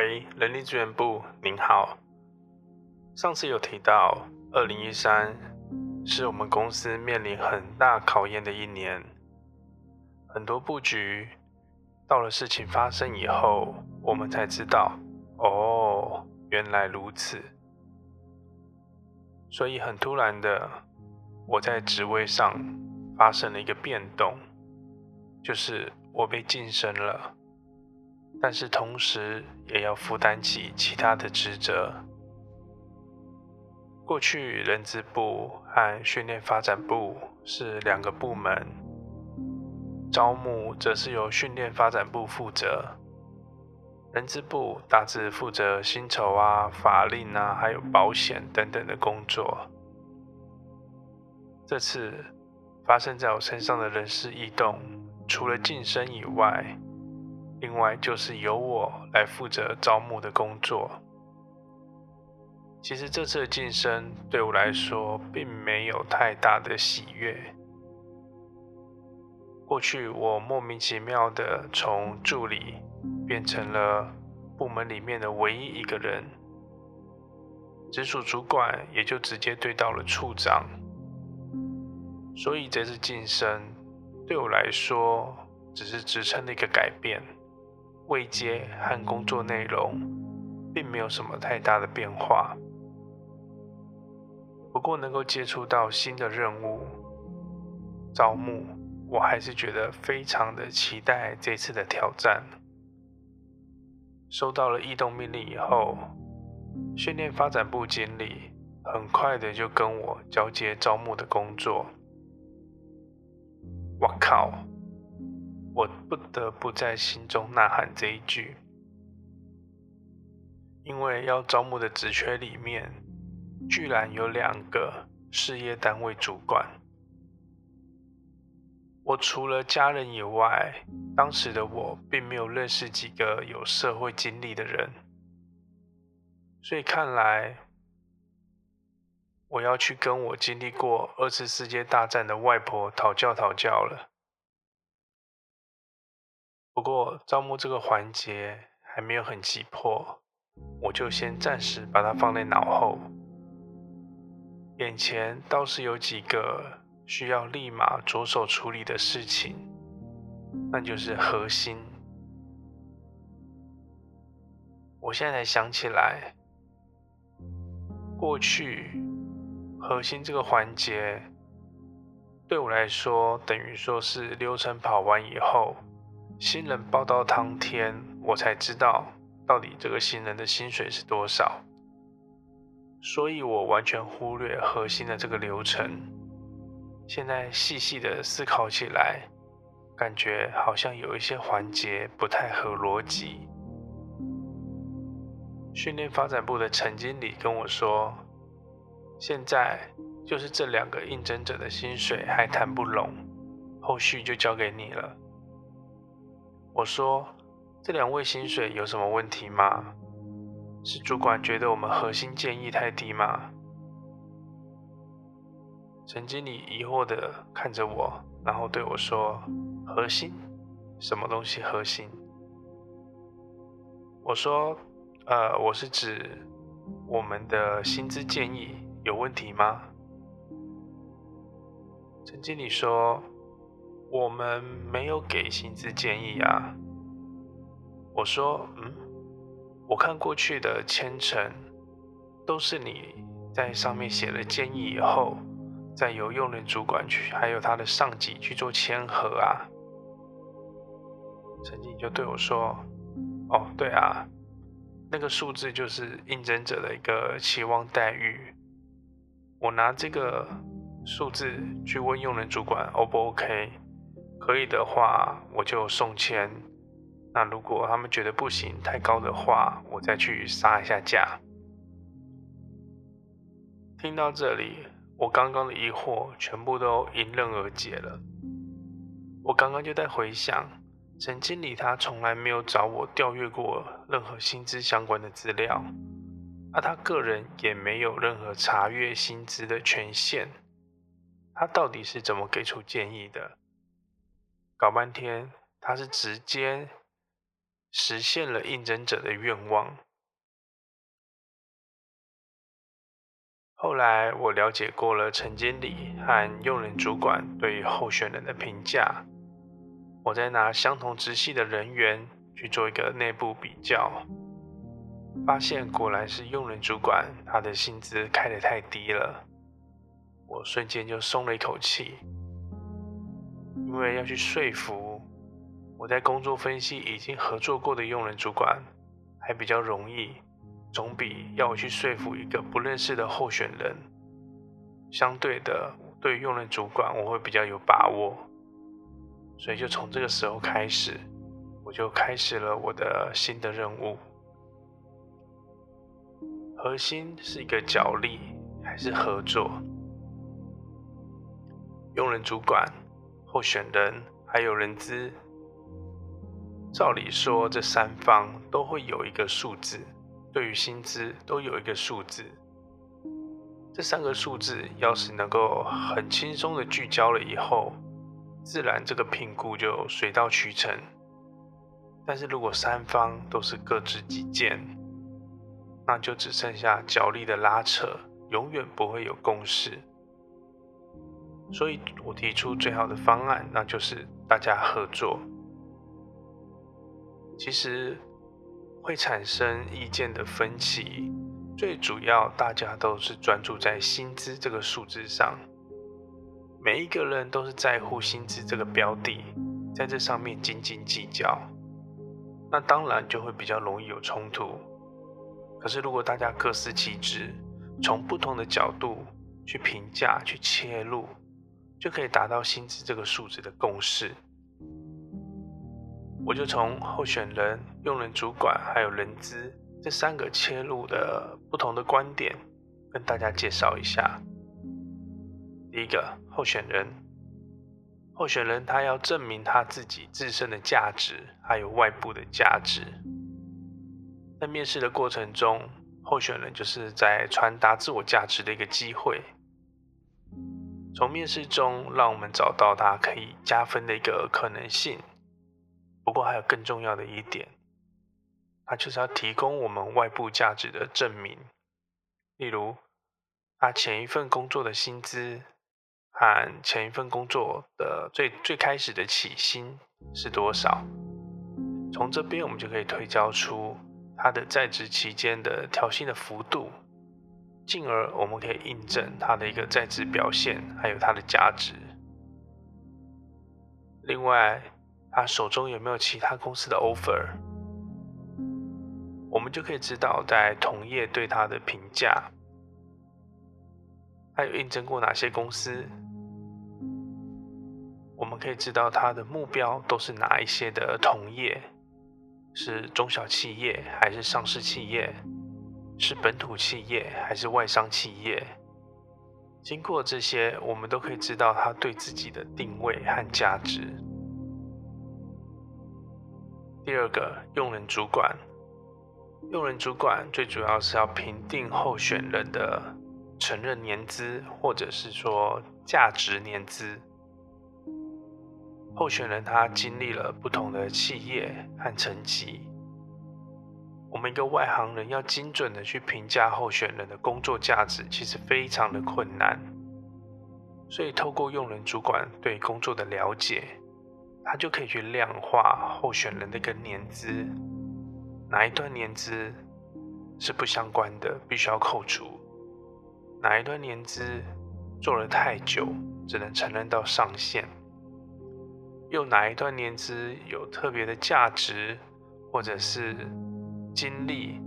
喂，人力資源部，您好。上次有提到，二零一三，是我們公司面臨很大考驗的一年，很多布局到了事情發生以後，我們才知道，哦，原來如此。所以很突然的，我在職位上發生了一個變動，就是我被晉升了。但是同時，也要負擔起其他的職責。過去，人資部和訓練發展部是兩個部門，招募則是由訓練發展部負責。人資部大致負責薪酬啊、法令啊，還有保險等等的工作。這次發生在我身上的人事異動，除了晉升以外，另外就是由我來負責招募的工作。其實這次的晉升對我來說並沒有太大的喜悅。過去我莫名其妙的從助理變成了部門裡面的唯一一個人，直屬主管也就直接對到了處長。所以這次晉升對我來說只是職稱的一個改變。位階和工作內容並沒有什麼太大的變化，不過能夠接觸到新的任務招募，我還是覺得非常的期待這次的挑戰。收到了異動命令以後，訓練發展部經理很快的就跟我交接招募的工作。哇靠！我不得不在心中吶喊這一句，因為要招募的職缺裡面，居然有兩個事業單位主管。我除了家人以外，當時的我並沒有認識幾個有社會經歷的人，所以看來，我要去跟我經歷過二次世界大戰的外婆討教討教了。不過招募這個環節還沒有很急迫，我就先暫時把它放在腦後。眼前倒是有幾個需要立馬着手處理的事情，那就是核薪。我現在才想起來，過去核薪這個環節對我來說等於說是流程跑完以後。新人報到當天，我才知道到底這個新人的薪水是多少，所以我完全忽略核薪的這個流程。現在細細的思考起來，感覺好像有一些環節不太合邏輯。訓練發展部的陳經理跟我說，現在就是這兩個應徵者的薪水還談不攏，後續就交給你了。我說：“這兩位薪水有什麼問題嗎？是主管覺得我們核薪建議太低嗎？”陳經理疑惑地看着我，然後對我說：“核薪？什麼東西核薪？”我說：“呃，我是指我們的薪資建議有問題嗎？”陳經理說。我們沒有給薪資建議啊。我說，嗯，我看過去的簽呈都是你在上面寫了建議以後，再由用人主管去，還有他的上級去做簽核啊。曾經就對我說，哦，對啊，那個數字就是應徵者的一個期望待遇，我拿這個數字去問用人主管，O 不 OK？可以的話，我就送簽。那如果他們覺得不行太高的話，我再去殺一下價。聽到這裡，我剛剛的疑惑全部都迎刃而解了。我剛剛就在回想，曾經理他從來沒有找我調閱過任何薪資相關的資料，而、啊、他個人也沒有任何查閱薪資的權限。他到底是怎麼給出建議的？搞半天，他是直接實現了應徵者的願望。後來我了解過了，陳經理和用人主管對於候選人的評價，我再拿相同職系的人員去做一個內部比較，發現果然是用人主管他的薪資開得太低了，我瞬間就鬆了一口氣。因為要去說服我在工作分析已經合作過的用人主管，還比較容易，總比要我去說服一個不認識的候選人。相對的，對用人主管，我會比較有把握，所以就從這個時候開始，我就開始了我的新的任務。核薪是一個角力還是合作？用人主管、候選人還有人資，照理說這三方都會有一個數字，對於薪資都有一個數字。這三個數字要是能夠很輕鬆的聚焦了以後，自然這個評估就水到渠成。但是如果三方都是各執己見，那就只剩下角力的拉扯，永遠不會有共識。所以我提出最好的方案，那就是大家合作。其實會產生意見的分歧，最主要大家都是專注在薪資這個數字上，每一個人都是在乎薪資這個標的，在這上面斤斤計較，那當然就會比較容易有衝突。可是如果大家各司其職，從不同的角度去評價、去切入。就可以達到薪資這個數值的共識。我就從候選人、用人主管還有人資這三個切入的不同的觀點，跟大家介紹一下。第一個，候選人，候選人他要證明他自己自身的價值，還有外部的價值。在面試的過程中，候選人就是在傳達自我價值的一個機會。從面試中讓我們找到他可以加分的一個可能性，不過還有更重要的一點，他就是要提供我們外部價值的證明，例如，他前一份工作的薪資和前一份工作的最最開始的起薪是多少，從這邊我們就可以推敲出他的在職期間的調薪的幅度。進而我們可以印證他的一個在職表現，還有他的價值。另外，他手中有沒有其他公司的 offer，我們就可以知道在同業對他的評價，還有應徵過哪些公司。我們可以知道他的目標都是哪一些的同業，是中小企業還是上市企業。是本土企業還是外商企業？經過這些，我們都可以知道他對自己的定位和價值。第二個，用人主管，用人主管最主要是要評定候選人的承認年資，或者是說價值年資。候選人他經歷了不同的企業和層級。我們一個外行人要精準的去評價候選人的工作價值，其實非常的困難。所以透過用人主管對工作的了解，他就可以去量化候選人的一個年資，哪一段年資是不相關的，必須要扣除；哪一段年資做了太久，只能承認到上限；又哪一段年資有特別的價值，或者是。經歷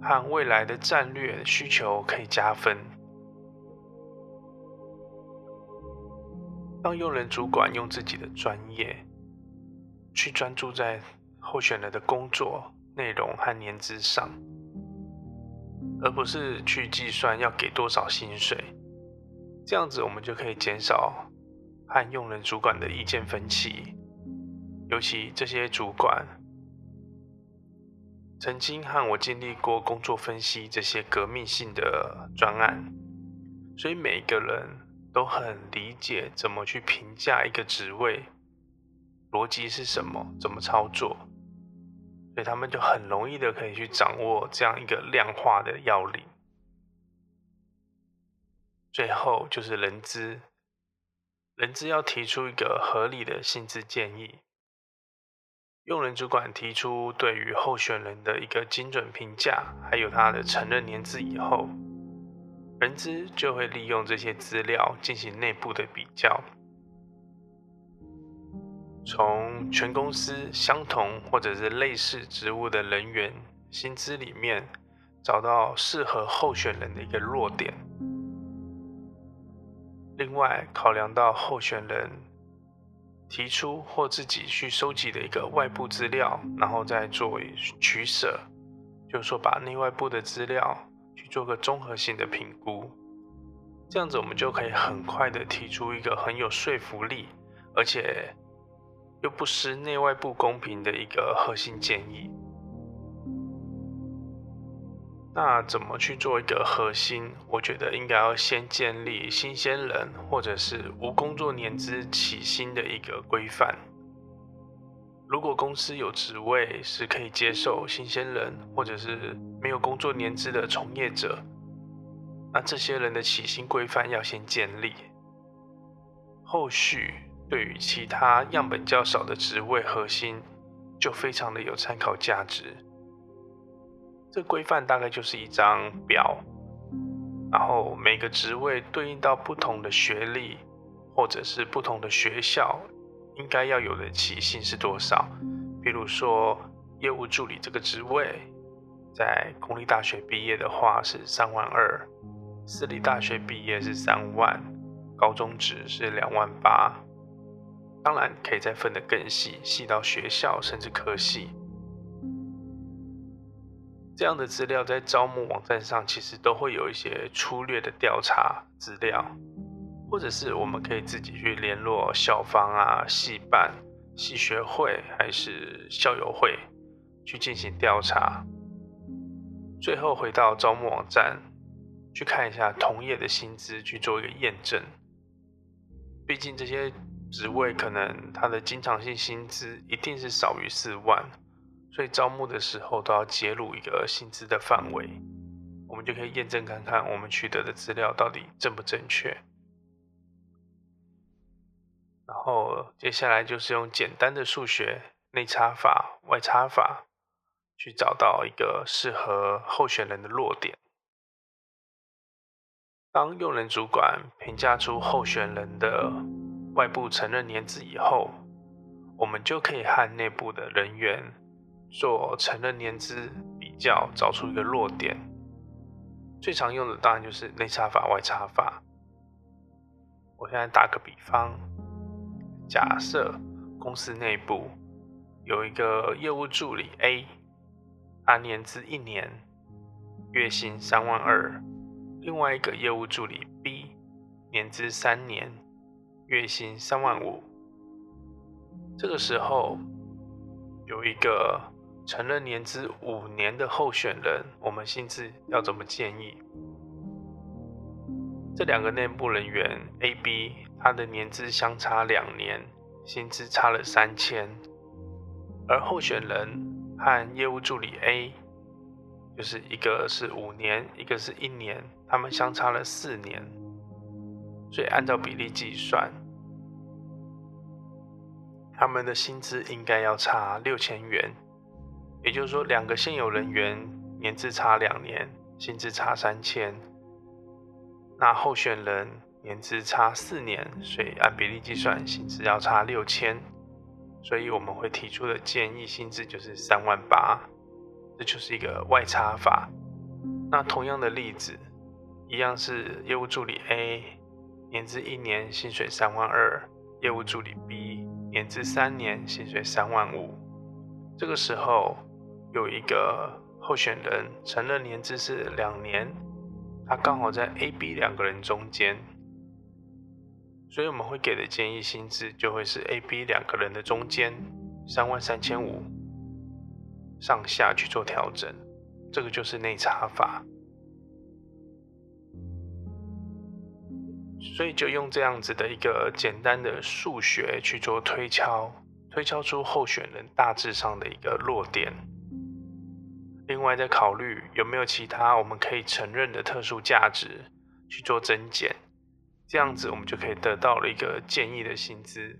和未來的戰略需求可以加分。讓用人主管用自己的專業去專注在候選人的工作內容和年資上，而不是去計算要給多少薪水。這樣子，我們就可以減少和用人主管的意見分歧，尤其這些主管。曾經和我經歷過工作分析這些革命性的專案，所以每一個人都很理解怎麼去評價一個職位，邏輯是什麼，怎麼操作，所以他們就很容易的可以去掌握這樣一個量化的要領。最後就是人資，人資要提出一個合理的薪資建議。用人主管提出對於候選人的一個精準評價，還有他的承認年資以後，人資就會利用這些資料進行內部的比較，從全公司相同或者是類似職務的人員薪資裡面，找到適合候選人的一個弱點。另外，考量到候選人。提出或自己去收集的一個外部資料，然後再做取舍，就是說把內外部的資料去做個綜合性的評估，這樣子我們就可以很快的提出一個很有說服力，而且又不失內外部公平的一個核薪建議。那怎麼去做一個核薪？我覺得應該要先建立新鮮人或者是無工作年資起薪的一個規範。如果公司有職位是可以接受新鮮人或者是沒有工作年資的從業者，那這些人的起薪規範要先建立。後續對於其他樣本較少的職位核薪，就非常的有參考價值。這規範大概就是一張表，然後每個職位對應到不同的學歷，或者是不同的學校，應該要有的起薪是多少？比如說業務助理這個職位，在公立大學畢業的話是三萬二，私立大學畢業是三萬，高中職是兩萬八。當然可以再分得更細，細到學校甚至科系。這樣的資料在招募網站上其實都會有一些粗略的調查資料，或者是我們可以自己去聯絡校方啊、系辦、系學會還是校友會去進行調查，最後回到招募網站去看一下同業的薪資去做一個驗證。畢竟這些職位可能它的經常性薪資一定是少於四萬。所以招募的時候都要揭露一個薪資的範圍，我們就可以驗證看看我們取得的資料到底正不正確。然後接下來就是用簡單的數學內插法、外插法去找到一個適合候選人的落點。當用人主管評價出候選人的外部承認年資以後，我們就可以和內部的人員。做成人年資比較，找出一個弱點。最常用的當然就是內插法、外插法。我現在打個比方，假設公司內部有一個業務助理 A，他年資一年，月薪三萬二；另外一個業務助理 B，年資三年，月薪三萬五。這個時候有一個。成了年資五年的候選人，我們薪資要怎麼建議？這兩個內部人員 A、B，他的年資相差兩年，薪資差了三千；而候選人和業務助理 A，就是一個是五年，一個是一年，他們相差了四年，所以按照比例計算，他們的薪資應該要差六千元。也就是說，兩個現有人員年資差兩年，薪資差三千。那候選人年資差四年，所以按比例計算，薪資要差六千。所以我們會提出的建議薪資就是三萬八，這就是一個外差法。那同樣的例子，一樣是業務助理 A 年資一年，薪水三萬二；業務助理 B 年資三年，薪水三萬五。這個時候。有一個候選人，承認年資是兩年，他剛好在 A、B 兩個人中間，所以我們會給的建議薪資就會是 A、B 兩個人的中間三萬三千五，33005，上下去做調整，這個就是內插法。所以就用這樣子的一個簡單的數學去做推敲，推敲出候選人大致上的一個落點。另外再考慮有沒有其他我們可以承認的特殊價值去做增減，這樣子我們就可以得到了一個建議的薪資。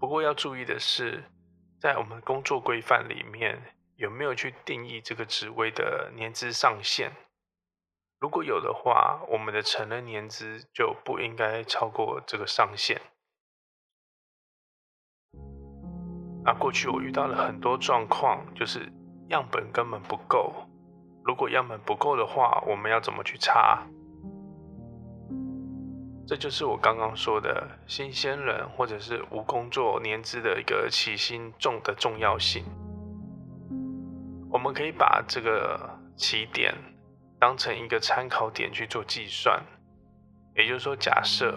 不過要注意的是，在我們工作規範裡面有沒有去定義這個職位的年資上限？如果有的話，我們的承認年資就不應該超過這個上限。啊，過去我遇到了很多狀況，就是。樣本根本不夠。如果樣本不夠的話，我們要怎麼去查？這就是我剛剛說的新鮮人或者是無工作年資的一個起薪重的重要性。我們可以把這個起點當成一個參考點去做計算。也就是說，假設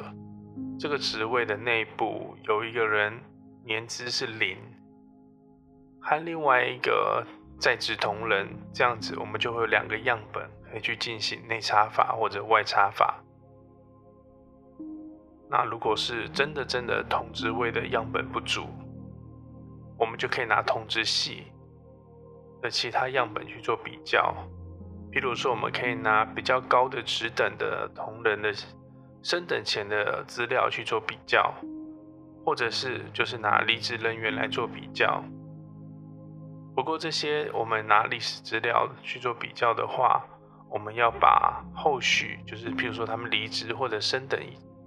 這個職位的內部有一個人年資是零，和另外一個。在職同仁這樣子，我們就會有兩個樣本可以去進行內插法或者外插法。那如果是真的真的同職位的樣本不足，我們就可以拿同職系的其他樣本去做比較。譬如說，我們可以拿比較高的職等的同仁的升等前的資料去做比較，或者是就是拿離職人員來做比較。不過這些，我們拿歷史資料去做比較的話，我們要把後續，就是譬如說他們離職或者升等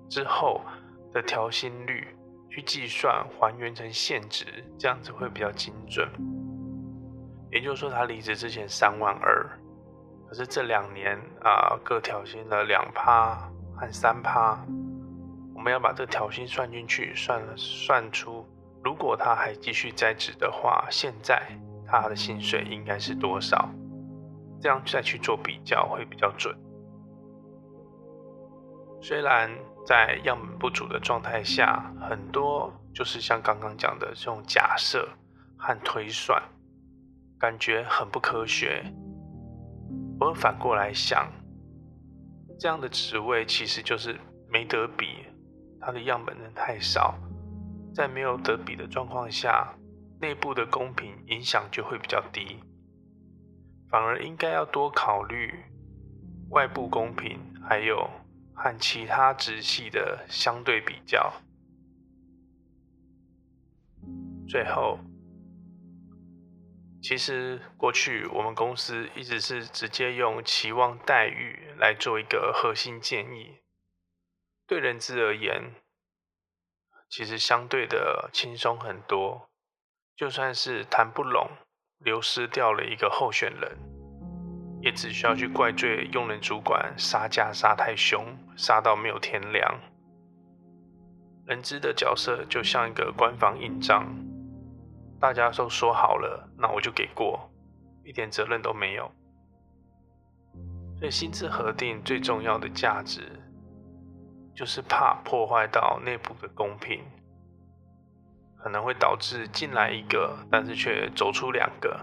之後的調薪率去計算，還原成現值，這樣子會比較精準。也就是說，他離職之前三萬二，可是這兩年啊、呃，各調薪了兩趴和三趴，我們要把這個調薪算進去，算了算出如果他還繼續在職的話，現在。他的薪水應該是多少？這樣再去做比較會比較準。雖然在樣本不足的狀態下，很多就是像剛剛講的這種假設和推算，感覺很不科學。我反過來想，這樣的職位其實就是沒得比，他的樣本量太少，在沒有得比的狀況下。內部的公平影響就會比較低，反而應該要多考慮外部公平，還有和其他直系的相對比較。最後，其實過去我們公司一直是直接用期望待遇來做一個核薪建議，對人資而言，其實相對的輕鬆很多。就算是談不攏，流失掉了一個候選人，也只需要去怪罪用人主管殺價殺太凶，殺到沒有天良。人資的角色就像一個官方印章，大家都說好了，那我就給過，一點責任都沒有。所以薪資核定最重要的價值，就是怕破壞到內部的公平。可能會導致進來一個，但是卻走出兩個，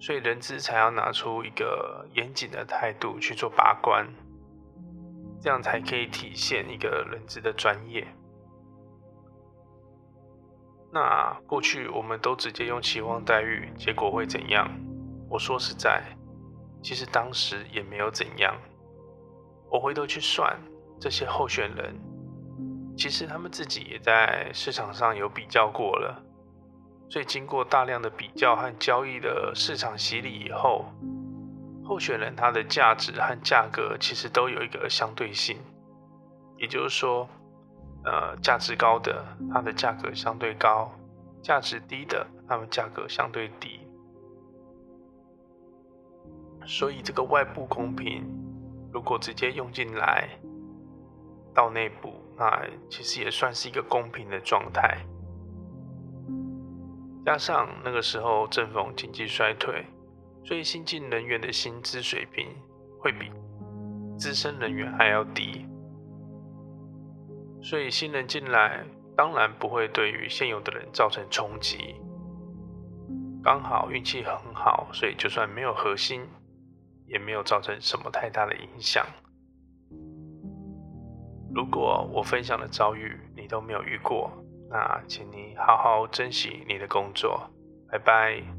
所以人資才要拿出一個嚴謹的態度去做把關，這樣才可以體現一個人資的專業。那過去我們都直接用期望待遇，結果會怎樣？我說實在，其實當時也沒有怎樣。我回頭去算這些候選人。其實他們自己也在市場上有比較過了，所以經過大量的比較和交易的市場洗禮以後，候選人他的價值和價格其實都有一個相對性，也就是說，呃，價值高的它的價格相對高，價值低的他們價格相對低，所以這個外部公平如果直接用進來到內部。那其實也算是一個公平的狀態，加上那個時候正逢經濟衰退，所以新進人員的薪資水平會比資深人員還要低，所以新人進來當然不會對於現有的人造成衝擊，剛好運氣很好，所以就算沒有核薪，也沒有造成什麼太大的影響。如果我分享的遭遇，你都沒有遇過，那請你好好珍惜你的工作。拜拜。